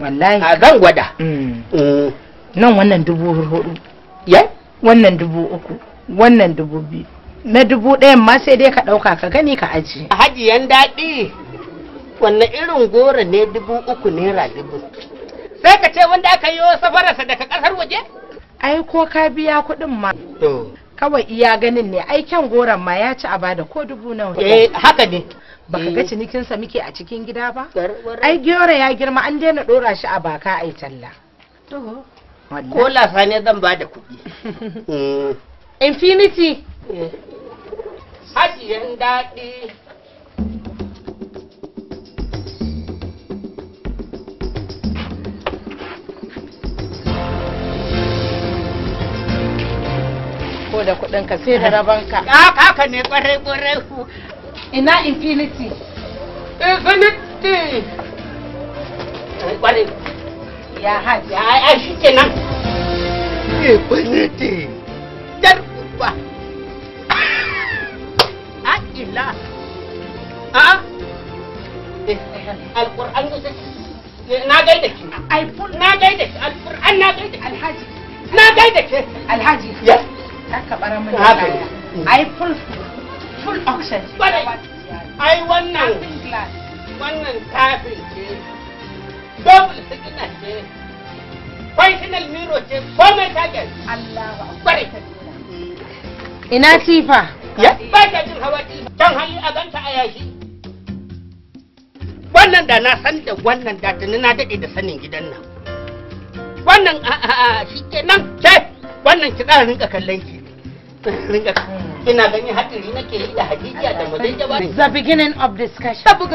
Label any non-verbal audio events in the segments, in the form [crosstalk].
wallahi a zan gwada mm. eh. nan wannan dubu hudu ya wannan dubu uku wannan dubu biyu na dubu ɗayan ma sai dai ka ɗauka ka gani ka ajiye hajiyan daɗi wannan irin goro ne dubu uku naira dubu sai ka ce wanda aka yi safararsa daga ƙasar waje ai ko ka biya kuɗin ma kawai iya ganin ne aikin goron ma ya ci a bada ko dubu nawa eh haka ne baka ga eh. cinikinsa muke a cikin gida ba ai gyora ya girma an daina dora shi a baka ai talla ko lafa ne zan ba da kuɗi [laughs] eh. infinity eh. hajiyan daɗi ko da kuɗinka sai da rabanka ah, haka ne kwarai kwarai in ina infinity infinity ya I ai shi kenan infinity dar uba a ila a eh, eh, alquran eh, na gaida ki ai na gaida ki alquran na gaida alhaji na gaida ki alhaji ya ka full access ah, ai wannan wannan kafin ce double sigina ce functional mirror ce komai take Allah ba kware ina tifa ya ba ta jin hawa tifa dan hali a ganta a yashi wannan da na san da wannan da tuni na daɗe da sanin gidan nan wannan a a shi kenan ke wannan ki rinka kallon ki Hmm. ina hadiri nake yi da hadijiya da madaijaba the beginning of discussion the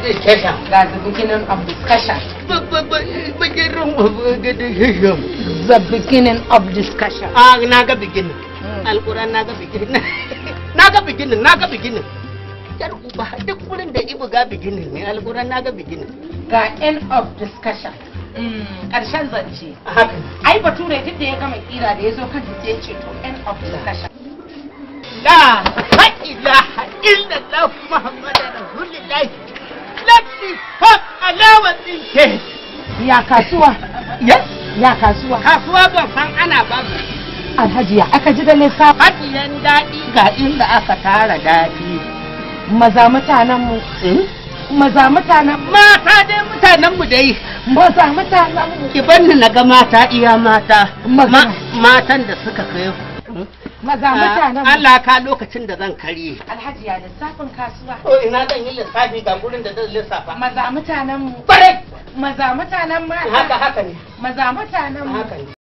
beginning of discussion the beginning of discussion the beginning of discussion ah na ga beginning hmm. alquran na ga beginning [laughs] na ga beginning na ga beginning yar uba duk da ibu ga beginning ne alquran na ga beginning ga end of discussion karshen mm, zance ai bature duk da ya gama kira da ya zo kan ya ce to end of discussion la ilaha illallah muhammadan rasulullah let me stop allowance ke ya kasuwa ya kasuwa kasuwa ban san ana babu alhaji ya aka ji da nisa hajiyan daɗi ga inda aka tara daɗi maza mutanenmu hmm? maza mutanen mata dai mutanen mu dai maza mutanen mu ki banni na ga mata iya mata matan da suka kai maza ah, mutanen Allah ka lokacin da zan karye Alhaji ya lissafin kasuwa to ina zan yi lissafi ga gurin da zan lissafa maza mutanen mu bare maza mutanen mu haka haka ne maza mutanen mu haka ne